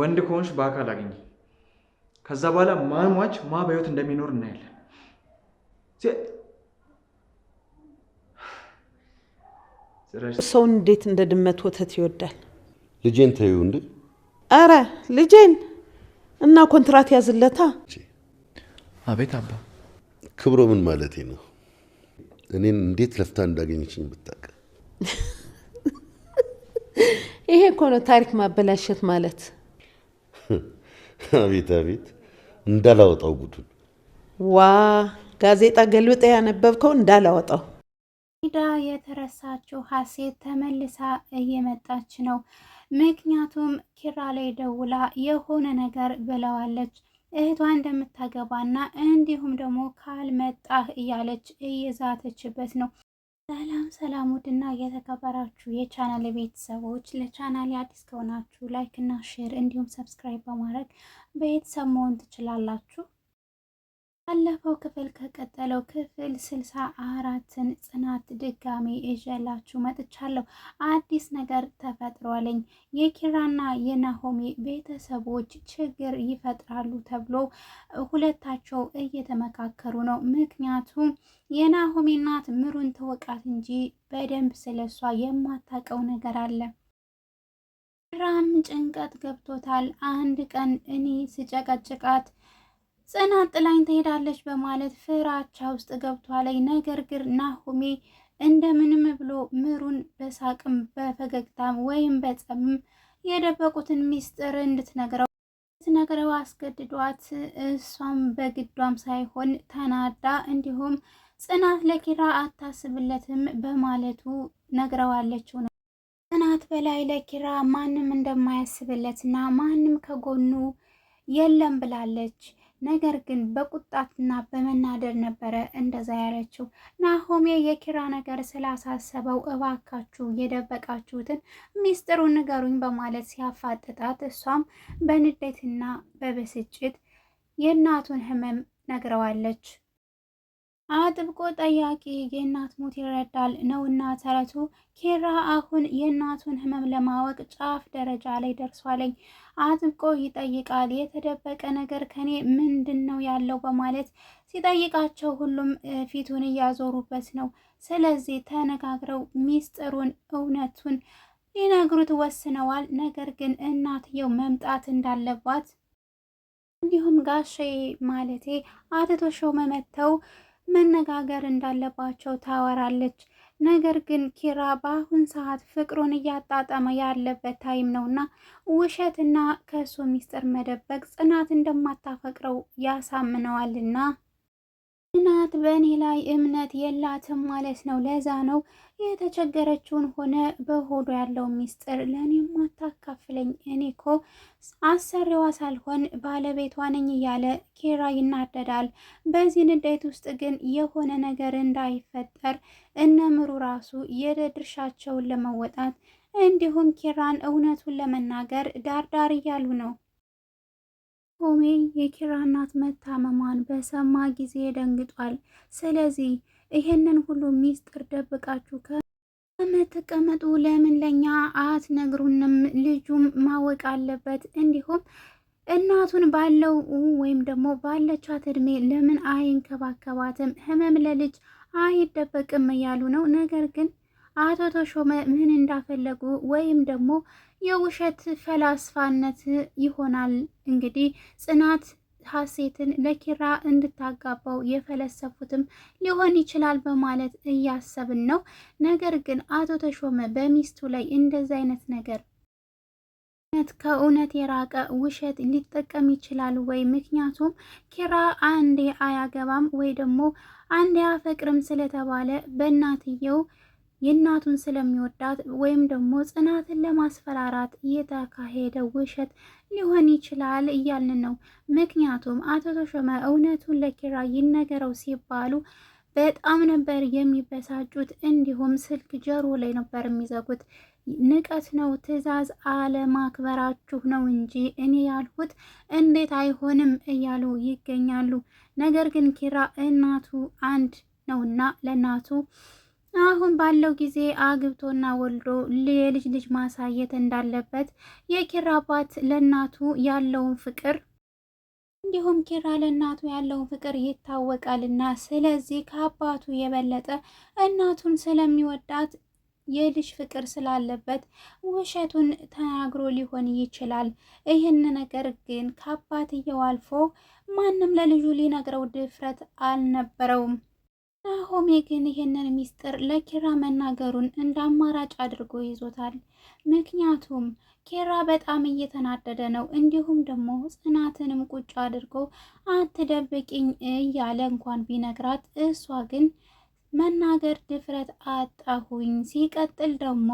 ወንድ ከሆንሽ በአካል አገኘ። ከዛ በኋላ ማሟች ማ በህይወት እንደሚኖር እናያለን። ሰው እንዴት እንደ ድመት ወተት ይወዳል። ልጄን ተይው እንዴ! አረ ልጄን እና ኮንትራት ያዝለታ። አቤት አባ ክብሮ፣ ምን ማለቴ ነው? እኔን እንዴት ለፍታ እንዳገኘችኝ ብታውቅ እኮ ነው ታሪክ ማበላሸት ማለት። አቤት አቤት፣ እንዳላወጣው ጉዱን። ዋ ጋዜጣ ገልብጠ ያነበብከው እንዳላወጣው። ዳ የተረሳችው ሀሴት ተመልሳ እየመጣች ነው። ምክንያቱም ኪራ ላይ ደውላ የሆነ ነገር ብለዋለች እህቷ እንደምታገባና እንዲሁም ደግሞ ካልመጣህ እያለች እየዛተችበት ነው። ሰላም ሰላም ውድና የተከበራችሁ የቻናል ቤተሰቦች ለቻናል አዲስ ከሆናችሁ ላይክ እና ሼር እንዲሁም ሰብስክራይብ በማድረግ ቤተሰብ መሆን ትችላላችሁ። ባለፈው ክፍል ከቀጠለው ክፍል ስልሳ አራትን ጽናት ድጋሜ እዣላችሁ መጥቻለሁ። አዲስ ነገር ተፈጥሯለኝ። የኪራና የናሆሜ ቤተሰቦች ችግር ይፈጥራሉ ተብሎ ሁለታቸው እየተመካከሩ ነው። ምክንያቱም የናሆሜ እናት ምሩን ተወቃት እንጂ በደንብ ስለሷ የማታውቀው ነገር አለ። ኪራም ጭንቀት ገብቶታል። አንድ ቀን እኔ ስጨቀጭቃት ጽናት ጥላኝ ትሄዳለች በማለት ፍራቻ ውስጥ ገብቷል። ነገር ግን ናሆሜ እንደምንም ብሎ ምሩን በሳቅም በፈገግታም ወይም በጸምም የደበቁትን ሚስጥር እንድትነግረው ትነግረው አስገድዷት እሷም በግዷም ሳይሆን ተናዳ እንዲሁም ጽናት ለኪራ አታስብለትም በማለቱ ነግረዋለችው። ነው። ጽናት በላይ ለኪራ ማንም እንደማያስብለትና ማንም ከጎኑ የለም ብላለች። ነገር ግን በቁጣትና በመናደድ ነበረ እንደዛ ያለችው። ናሆሜ የኪራ ነገር ስላሳሰበው እባካችሁ የደበቃችሁትን ሚስጥሩን ንገሩኝ በማለት ሲያፋጥጣት እሷም በንዴትና በብስጭት የእናቱን ህመም ነግረዋለች። አጥብቆ ጠያቂ የእናት ሞት ይረዳል ነውና ተረቱ። ኬራ አሁን የእናቱን ህመም ለማወቅ ጫፍ ደረጃ ላይ ደርሷለኝ። አጥብቆ ይጠይቃል። የተደበቀ ነገር ከኔ ምንድን ነው ያለው በማለት ሲጠይቃቸው ሁሉም ፊቱን እያዞሩበት ነው። ስለዚህ ተነጋግረው ሚስጥሩን እውነቱን ሊነግሩት ወስነዋል። ነገር ግን እናትየው መምጣት እንዳለባት እንዲሁም ጋሼ ማለቴ አትቶ ሾመ መጥተው መነጋገር እንዳለባቸው ታወራለች። ነገር ግን ኪራ በአሁን ሰዓት ፍቅሩን እያጣጠመ ያለበት ታይም ነውና ውሸትና ከእሱ ሚስጥር መደበቅ ጽናት እንደማታፈቅረው ያሳምነዋልና እናት በእኔ ላይ እምነት የላትም ማለት ነው። ለዛ ነው የተቸገረችውን ሆነ በሆዶ ያለው ሚስጥር ለእኔ ማታካፍለኝ፣ እኔ እኮ አሰሪዋ ሳልሆን ባለቤቷ ነኝ እያለ ኪራ ይናደዳል። በዚህ ንዴት ውስጥ ግን የሆነ ነገር እንዳይፈጠር እነምሩ ራሱ የድርሻቸውን ለመወጣት እንዲሁም ኪራን እውነቱን ለመናገር ዳርዳር እያሉ ነው። ሆሜ የኪራ እናት መታመሟን በሰማ ጊዜ ደንግጧል። ስለዚህ ይህንን ሁሉ ሚስጥር ደብቃችሁ ከምትቀመጡ ለምን ለኛ አትነግሩንም? ልጁም ማወቅ አለበት። እንዲሁም እናቱን ባለው ወይም ደግሞ ባለቻት እድሜ ለምን አይንከባከባትም? ህመም ለልጅ አይደበቅም እያሉ ነው። ነገር ግን አቶ ተሾመ ምን እንዳፈለጉ ወይም ደግሞ የውሸት ፈላስፋነት ይሆናል እንግዲህ ጽናት ሀሴትን ለኪራ እንድታጋባው የፈለሰፉትም ሊሆን ይችላል በማለት እያሰብን ነው። ነገር ግን አቶ ተሾመ በሚስቱ ላይ እንደዚ አይነት ነገር ከእውነት የራቀ ውሸት ሊጠቀም ይችላል ወይ? ምክንያቱም ኪራ አንዴ አያገባም ወይ ደግሞ አንዴ አፈቅርም ስለተባለ በእናትየው የእናቱን ስለሚወዳት ወይም ደግሞ ጽናትን ለማስፈራራት የተካሄደ ውሸት ሊሆን ይችላል እያልን ነው። ምክንያቱም አቶ ተሾመ እውነቱን ለኪራ ይነገረው ሲባሉ በጣም ነበር የሚበሳጩት። እንዲሁም ስልክ ጆሮ ላይ ነበር የሚዘጉት። ንቀት ነው፣ ትዕዛዝ አለማክበራችሁ ነው እንጂ እኔ ያልሁት እንዴት አይሆንም እያሉ ይገኛሉ። ነገር ግን ኪራ እናቱ አንድ ነውና ለእናቱ አሁን ባለው ጊዜ አግብቶና ወልዶ የልጅ ልጅ ማሳየት እንዳለበት የኪራ አባት ለእናቱ ያለውን ፍቅር እንዲሁም ኪራ ለእናቱ ያለውን ፍቅር ይታወቃልና ስለዚህ ከአባቱ የበለጠ እናቱን ስለሚወዳት የልጅ ፍቅር ስላለበት ውሸቱን ተናግሮ ሊሆን ይችላል። ይህን ነገር ግን ከአባትየው አልፎ ማንም ለልጁ ሊነግረው ድፍረት አልነበረውም። ናሆሜ ግን ይህንን ሚስጥር ለኪራ መናገሩን እንደ አማራጭ አድርጎ ይዞታል። ምክንያቱም ኪራ በጣም እየተናደደ ነው። እንዲሁም ደግሞ ጽናትንም ቁጭ አድርጎ አትደብቂኝ እያለ እንኳን ቢነግራት እሷ ግን መናገር ድፍረት አጣሁኝ። ሲቀጥል ደግሞ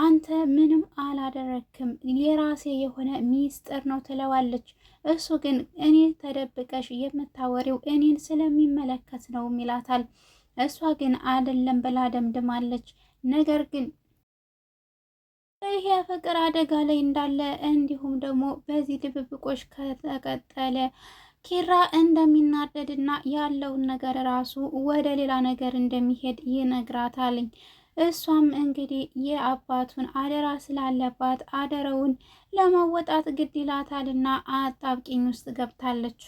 አንተ ምንም አላደረክም የራሴ የሆነ ሚስጥር ነው ትለዋለች። እሱ ግን እኔ ተደብቀሽ የምታወሪው እኔን ስለሚመለከት ነው ይላታል። እሷ ግን አይደለም ብላ ደምድማለች። ነገር ግን ይሄ ፍቅር አደጋ ላይ እንዳለ እንዲሁም ደግሞ በዚህ ድብብቆች ከተቀጠለ ኪራ እንደሚናደድና ያለውን ነገር ራሱ ወደ ሌላ ነገር እንደሚሄድ ይነግራታልኝ። እሷም እንግዲህ የአባቱን አደራ ስላለባት አደራውን ለመወጣት ግድ ይላታልና አጣብቂኝ ውስጥ ገብታለች።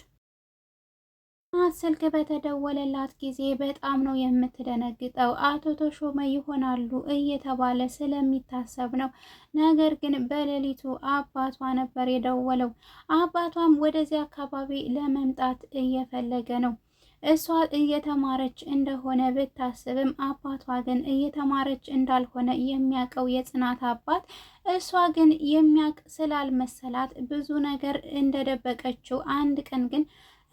ስልክ በተደወለላት ጊዜ በጣም ነው የምትደነግጠው። አቶ ተሾመ ይሆናሉ እየተባለ ስለሚታሰብ ነው። ነገር ግን በሌሊቱ አባቷ ነበር የደወለው። አባቷም ወደዚህ አካባቢ ለመምጣት እየፈለገ ነው። እሷ እየተማረች እንደሆነ ብታስብም አባቷ ግን እየተማረች እንዳልሆነ የሚያውቀው የጽናት አባት እሷ ግን የሚያውቅ ስላልመሰላት ብዙ ነገር እንደደበቀችው አንድ ቀን ግን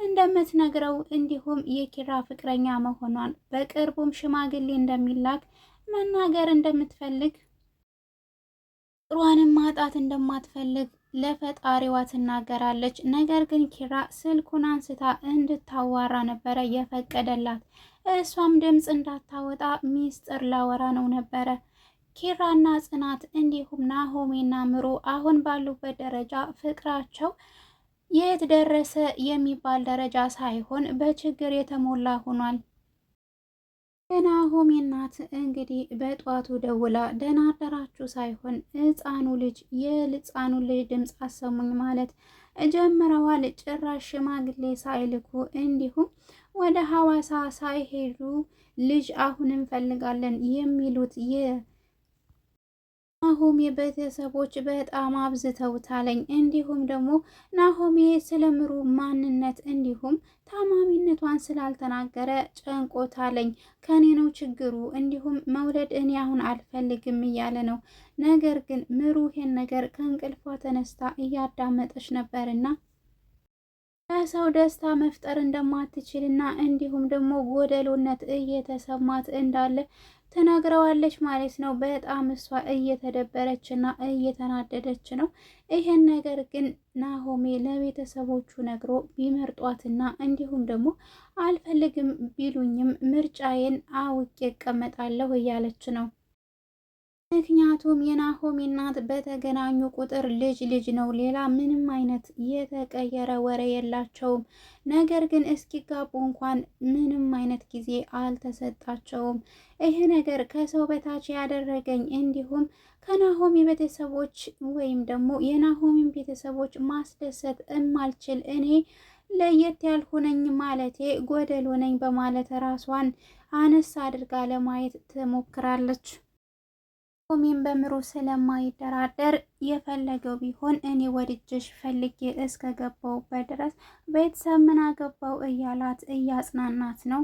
እንደምትነግረው እንዲሁም የኪራ ፍቅረኛ መሆኗን በቅርቡም ሽማግሌ እንደሚላክ መናገር እንደምትፈልግ ጥሯንም ማጣት እንደማትፈልግ ለፈጣሪዋ ትናገራለች። ነገር ግን ኪራ ስልኩን አንስታ እንድታዋራ ነበረ የፈቀደላት። እሷም ድምፅ እንዳታወጣ ሚስጥር ላወራ ነው ነበረ። ኪራና ጽናት እንዲሁም ናሆሜና ምሩ አሁን ባሉበት ደረጃ ፍቅራቸው የት ደረሰ የሚባል ደረጃ ሳይሆን በችግር የተሞላ ሆኗል። የናሆም እናት እንግዲህ በጧቱ ደውላ ደህና አደራችሁ ሳይሆን ህፃኑ ልጅ የህፃኑ ልጅ ድምፅ አሰሙኝ ማለት ጀምረዋል። ጭራሽ ሽማግሌ ሳይልኩ እንዲሁም ወደ ሐዋሳ ሳይሄዱ ልጅ አሁን እንፈልጋለን የሚሉት ናሆሜ ቤተሰቦች በጣም አብዝተውታለኝ። እንዲሁም ደግሞ ናሆሜ ስለምሩ ማንነት እንዲሁም ታማሚነቷን ስላልተናገረ ጨንቆታለኝ። ከኔ ነው ችግሩ፣ እንዲሁም መውለድ እኔ አሁን አልፈልግም እያለ ነው። ነገር ግን ምሩ ይሄን ነገር ከእንቅልፏ ተነስታ እያዳመጠች ነበርና ከሰው ደስታ መፍጠር እንደማትችልና እንዲሁም ደግሞ ጎደሎነት እየተሰማት እንዳለ ትነግረዋለች ማለት ነው። በጣም እሷ እየተደበረች እና እየተናደደች ነው። ይሄን ነገር ግን ናሆሜ ለቤተሰቦቹ ነግሮ ቢመርጧትና እንዲሁም ደግሞ አልፈልግም ቢሉኝም ምርጫዬን አውቄ እቀመጣለሁ እያለች ነው። ምክንያቱም የናሆሚ እናት በተገናኙ ቁጥር ልጅ ልጅ ነው። ሌላ ምንም አይነት የተቀየረ ወሬ የላቸውም። ነገር ግን እስኪጋቡ እንኳን ምንም አይነት ጊዜ አልተሰጣቸውም። ይህ ነገር ከሰው በታች ያደረገኝ እንዲሁም ከናሆሚ ቤተሰቦች ወይም ደግሞ የናሆሚን ቤተሰቦች ማስደሰት እማልችል እኔ ለየት ያልሆነኝ ማለቴ ጎደል ሆነኝ በማለት ራሷን አነስ አድርጋ ለማየት ትሞክራለች። ሆሜን በምሮ ስለማይደራደር የፈለገው ቢሆን እኔ ወድጀሽ ፈልጌ እስከ ድረስ ቤተሰብ ምን አገባው እያላት እያጽናናት ነው።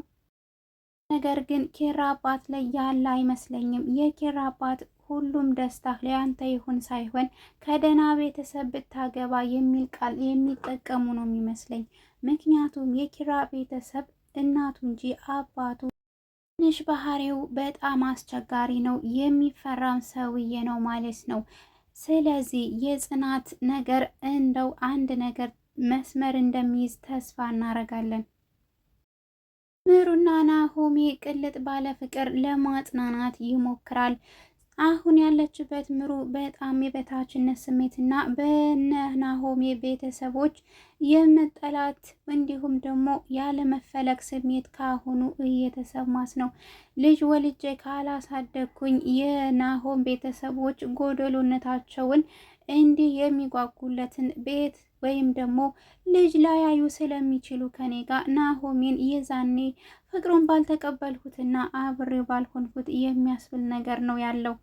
ነገር ግን ኬራ አባት ላይ ያለ አይመስለኝም። የኬራ አባት ሁሉም ደስታ ለአንተ ይሁን ሳይሆን ከደህና ቤተሰብ ብታገባ የሚል ቃል የሚጠቀሙ ነው የሚመስለኝ። ምክንያቱም የኪራ ቤተሰብ እናቱ እንጂ አባቱ ትንሽ ባህሪው በጣም አስቸጋሪ ነው፣ የሚፈራም ሰውዬ ነው ማለት ነው። ስለዚህ የጽናት ነገር እንደው አንድ ነገር መስመር እንደሚይዝ ተስፋ እናደርጋለን። ምሩና ናሆሜ ቅልጥ ባለ ፍቅር ለማጽናናት ይሞክራል። አሁን ያለችበት ምሩ በጣም የበታችነት ስሜትና በነ ናሆሜ ቤተሰቦች የመጠላት እንዲሁም ደግሞ ያለመፈለግ ስሜት ካሁኑ እየተሰማት ነው። ልጅ ወልጄ ካላሳደግኩኝ የናሆም ቤተሰቦች ጎደሎነታቸውን እንዲህ የሚጓጉለትን ቤት ወይም ደግሞ ልጅ ላያዩ ስለሚችሉ ከኔ ጋር ናሆሜን የዛኔ ፍቅሩን ባልተቀበልሁትና አብሬው ባልሆንኩት የሚያስብል ነገር ነው ያለው።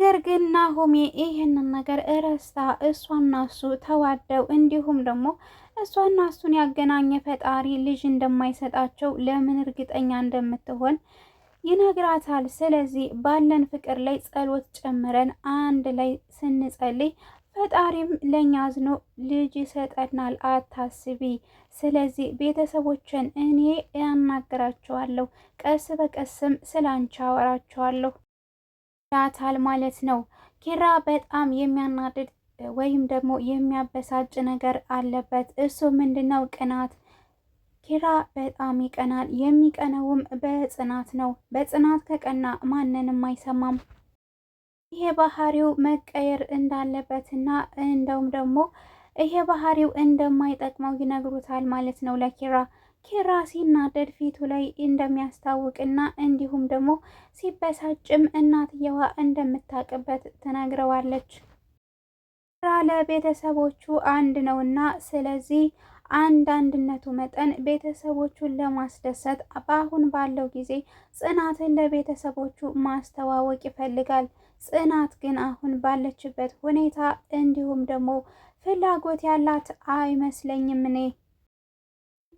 ነገር ግን ናሆሜ ይህንን ነገር እረስታ እሷና እሱ ተዋደው እንዲሁም ደግሞ እሷና እሱን ያገናኘ ፈጣሪ ልጅ እንደማይሰጣቸው ለምን እርግጠኛ እንደምትሆን ይነግራታል። ስለዚህ ባለን ፍቅር ላይ ጸሎት ጨምረን አንድ ላይ ስንጸልይ ፈጣሪም ለእኛ አዝኖ ልጅ ይሰጠናል፣ አታስቢ። ስለዚህ ቤተሰቦችን እኔ ያናግራቸዋለሁ፣ ቀስ በቀስም ስላንቺ አወራቸዋለሁ ያታል ማለት ነው። ኪራ በጣም የሚያናድድ ወይም ደግሞ የሚያበሳጭ ነገር አለበት። እሱ ምንድነው? ቅናት። ኪራ በጣም ይቀናል። የሚቀነውም በጽናት ነው። በጽናት ከቀና ማንንም አይሰማም። ይሄ ባህሪው መቀየር እንዳለበትና እንደውም ደግሞ ይሄ ባህሪው እንደማይጠቅመው ይነግሩታል ማለት ነው ለኪራ ኪራ ሲናደድ ፊቱ ላይ እንደሚያስታውቅና እንዲሁም ደግሞ ሲበሳጭም እናትየዋ እንደምታውቅበት ትነግረዋለች። ኪራ ለቤተሰቦቹ አንድ ነውና ስለዚህ አንዳንድነቱ መጠን ቤተሰቦቹን ለማስደሰት በአሁን ባለው ጊዜ ጽናትን ለቤተሰቦቹ ማስተዋወቅ ይፈልጋል። ጽናት ግን አሁን ባለችበት ሁኔታ እንዲሁም ደግሞ ፍላጎት ያላት አይመስለኝም እኔ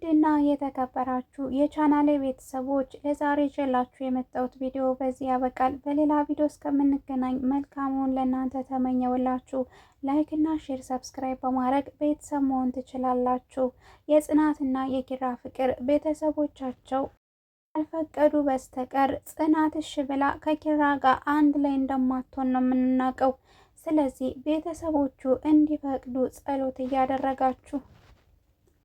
ድና የተከበራችሁ የቻናሌ ቤተሰቦች ለዛሬ ይዤላችሁ የመጣሁት ቪዲዮ በዚህ ያበቃል። በሌላ ቪዲዮ እስከምንገናኝ መልካሙን ለእናንተ ተመኘውላችሁ። ላይክ እና ሼር፣ ሰብስክራይብ በማድረግ ቤተሰብ መሆን ትችላላችሁ። የጽናትና የኪራ ፍቅር ቤተሰቦቻቸው አልፈቀዱ በስተቀር ጽናት እሺ ብላ ከኪራ ጋር አንድ ላይ እንደማትሆን ነው የምናውቀው። ስለዚህ ቤተሰቦቹ እንዲፈቅዱ ጸሎት እያደረጋችሁ